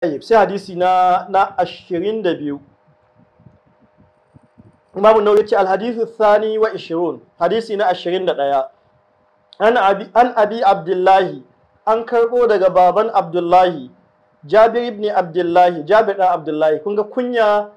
طيب سي na نا 22 Imam Nawawi ce al-hadithu thani wa 20 hadisi na 21 an abi an abi Abdullahi an karbo daga baban Abdullahi Jabir ibn Abdullahi Jabir dan Abdullahi kun ga kunya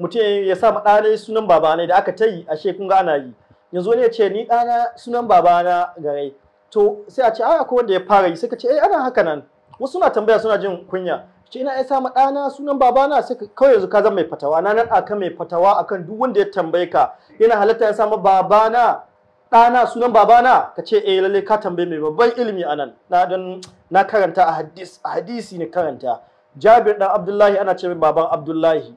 mutum ya sa ma ɗanai sunan babana da aka tayi ashe kun ga ana yi yanzu ne ce ni ɗana sunan babana gare to sai a ce ai akwai wanda ya fara yi sai ka ce eh ana haka nan wasu suna tambaya suna jin kunya ce ina ya ma ɗana sunan babana sai kawai yanzu ka zama mai fatawa na nan aka mai fatawa akan duk wanda ya tambaye ka yana halatta ya sama babana ɗana sunan babana ka ce eh lalle ka tambaye mai babban ilimi anan na dan na karanta a hadis hadisi ne karanta Jabir dan Abdullahi ana ce mai baban Abdullahi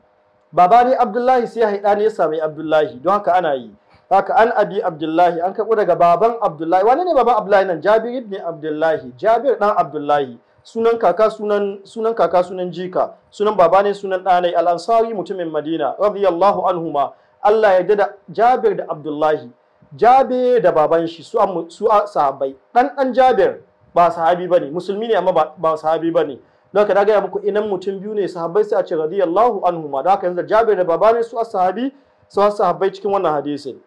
baba ne Abdullahi sai haida ne ya sami Abdullahi don haka ana yi haka an abi Abdullahi an karɓo daga baban Abdullahi wane ne baban Abdullahi nan Jabir ibn Abdullahi Jabir dan Abdullahi sunan kaka sunan sunan kaka sunan jika sunan baba ne sunan ɗanai al-ansari mutumin madina radiyallahu anhuma Allah ya da Jabir da Abdullahi Jabir da baban shi su su sahabbai dan dan Jabir ba sahabi bane musulmi ne amma ba sahabi bane don haka na gaya muku inan mutum biyu ne sahabbai sai a ce radiyallahu anhuma don haka yanzu Jabir da baba ne su sahabi su sahabbai cikin wannan hadisin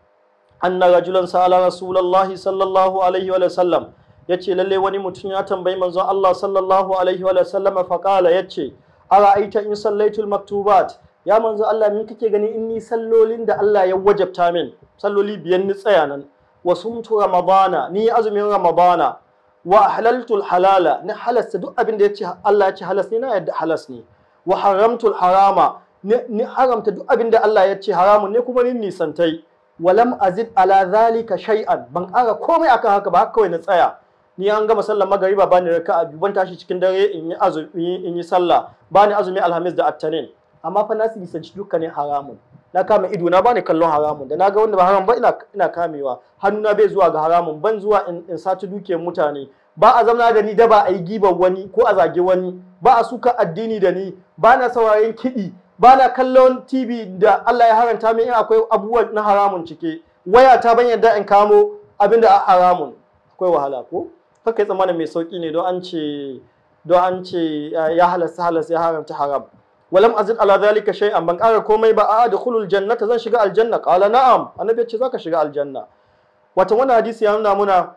anna rajulan sa'ala rasulullahi sallallahu alaihi wa sallam Ya ce lalle wani mutum ya tambayi manzon Allah sallallahu alaihi wa sallama ce yace ara'aita in sallaitul maktubat ya manzo Allah min kake gani in ni sallolin da Allah ya wajabta min salloli biyan ni tsaya nan wa sumtu ramadana ni azumin ramadana wa halaltul halala ni halasta duk abin da ce Allah ya ce halas ne na yadda halas ne wa haramtul harama ni haramta duk abin da Allah ya ce haramun ne kuma ni nisantai walam azid ala zalika shay'an ban ara komai akan haka ba haka kawai na tsaya ni an gama sallar magariba raka raka'a biyu ban tashi cikin dare in yi azumi in yi sallah bani azumi alhamis da attanin amma fa na duka dukkanin haramun na kama ido na bani kallon haramun da na ga wanda ba haram ba ina ina kamewa na bai zuwa ga haramun ban zuwa in, in saci mutane ba a zamna da ni da ba a yi gibar wani ko a zage wani ba a suka addini da ni ba na saurayin kiɗi ba na kallon tv da Allah ya haranta min in akwai abubuwa na haramun cike waya ta ban yadda in kamo abinda a haramun akwai wahala ko kaka kai tsammanin mai sauki ne don an ce an eh, ya halasta halasta ya haramta haram walam azid ala zalika shay'an ban kara komai ba a adkhulul jannata zan shiga aljanna qala na'am annabi ya ce zaka shiga aljanna wato wannan hadisi ya nuna muna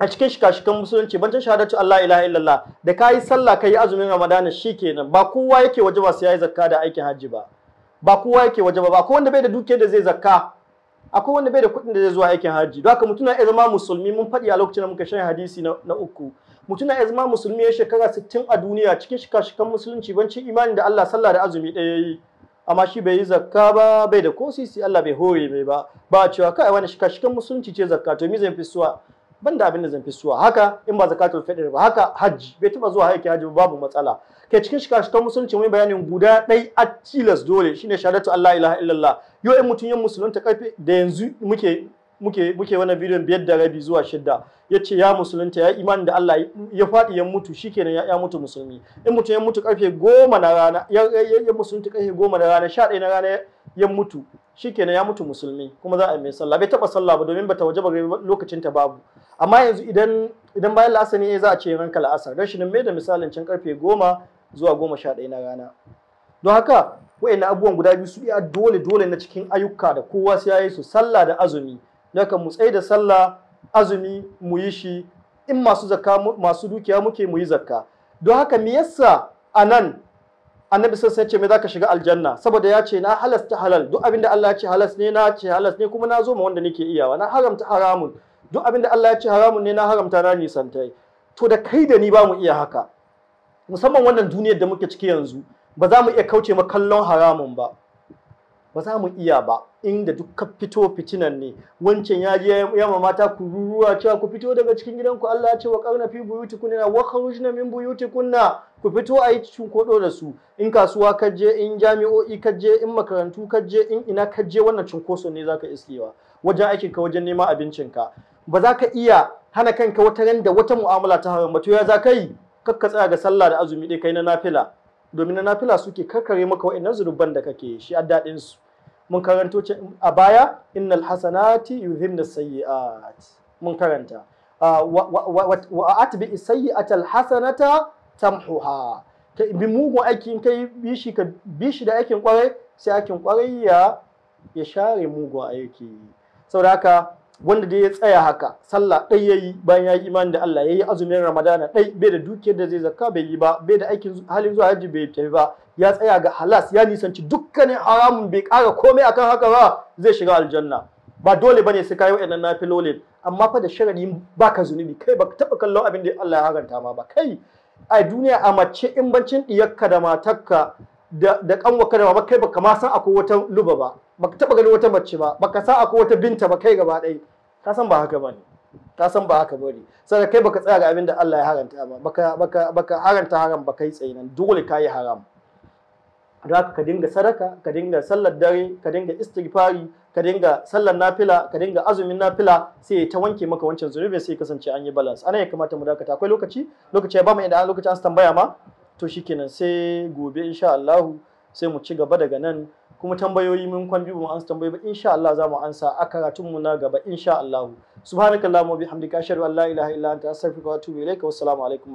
a cikin shika-shikan musulunci bancin shahadatu Allah ilaha illallah da kayi sallah kayi azumin ramadana kenan ba kowa yake wajaba sai yayi zakka da aikin hajji ba ba kowa yake wajaba ba ba wanda bai da dukiyar da zai zakka akwai wanda bai da kuɗin da zai zuwa aikin haji don haka mutum na zama musulmi mun faɗi a lokacin da muka shan hadisi na uku mutum na zama musulmi ya shekara sittin a duniya cikin shika-shikan musulunci bancin imanin da Allah sallah da azumi ɗaya yi amma shi bai yi zakka ba bai da ko sisi Allah bai hore mai ba ba cewa kai wani shika-shikan musulunci ce zakka to mi zan fi suwa ban da abin da zan fi suwa haka in ba zakatul fitr ba haka hajji bai taba zuwa haiki hajji babu matsala kai cikin shi ta musulunci mai bayanin guda ɗai a tilas dole shine shahadatu Allah ilaha illallah yo in mutun yan musulunta karfe da yanzu muke muke muke wannan bidiyon biyar da rabi zuwa shidda ya ce ya musulunta ya imani da Allah ya faɗi ya mutu shikenan ya, mutu musulmi in mutum ya mutu karfe goma na rana ya, ya, musulunta karfe goma na rana sha ɗaya na rana ya mutu shikenan ya mutu musulmi kuma za a yi mai sallah bai taɓa sallah ba domin bata waje ba lokacin ta babu amma yanzu idan idan bayan la'asa ne za a ce ranka la'asar rashin mai da misalin can karfe goma zuwa goma sha ɗaya na rana don haka wa'in abubuwan guda biyu su iya dole dole na cikin ayyuka da kowa sai ya su sallah da azumi don haka mu tsaye da sallah azumi mu yi shi in masu zakka masu dukiya muke mu yi zakka don haka me yasa anan annabi sai ce me zaka shiga aljanna saboda ya ce na halasta halal duk abinda Allah ya ce halas ne na ce halas ne kuma na zo ma wanda nake iyawa na haramta haramun duk abin da Allah ya ce haramun ne na haramta na nisantai to da kai da ni ba mu iya haka musamman wannan duniyar da muke ciki yanzu ba za mu iya kauce ma kallon haramun ba ba za mu iya ba inda duka fito fitinan ne wancan ya je ya mamata mata ruruwa cewa ku fito daga cikin gidanku Allah ya ce wa karna fi na wa kharujna min na ku fito a yi cinkodo da su in kasuwa ka je in jami'o'i ka je in makarantu ka je in ina ka je wannan cunkoso ne zaka iskewa wajen aikin ka wajen neman abincin ka ba za ka iya hana kanka wata ran da wata mu'amala ta haram ba to ya za ka yi kakka tsaya ga sallah da azumi ɗaya kai na nafila domin na nafila suke karkare maka wa'annan zunuban da kake shi a su mun karanto a baya innal hasanati yuzhibna sayyi'at mun karanta wa atbi sayyi'ata al hasanata tamhuha ka bi mugun aiki kai bi shi ka bi shi da aikin kwarai sai aikin kwarai ya ya share mugun aiki saboda haka wanda dai ya tsaya haka sallah ɗai ya yi bayan ya yi imani da Allah ya yi azumin ramadana ɗai bai da dukiyar da zai zaka bai yi ba bai da aikin halin zuwa hajji bai tafi ba ya tsaya ga halas ya nisanci dukkanin haramun bai ƙara komai akan haka ba zai shiga aljanna ba dole bane sai kai wa'annan nafilolin amma fa da sharadi baka zunubi kai baka taba kallon abin da Allah ya haranta ma ba kai a duniya a mace in bancin diyarka da matarka da da kanwarka da ba kai baka ma san akwai wata luba ba baka taba ganin wata mace ba baka sa akwai wata binta ba kai gaba ɗaya ka san ba haka ba ne ka san ba haka ba ne kai baka tsaya ga abin da Allah ya haranta ba baka baka baka haranta haram ba kai tsaye nan dole ka yi haram don ka dinga sadaka ka dinga sallar dare ka dinga istighfari ka dinga sallar nafila ka dinga azumin nafila sai ta wanke maka wancan zunubin sai kasance an yi balance anan ya kamata mu dakata akwai lokaci lokaci ya ba mu idan lokaci an tambaya ma to shikenan sai gobe insha Allah sai mu ci gaba daga nan kuma tambayoyi mun kwan biyu mu ansa tambayoyi ba insha Allah za mu ansa a karatun mu na gaba insha Allah subhanakallahumma bihamdika ashhadu an la ilaha illa anta astaghfiruka wa atubu ilaika wassalamu alaikum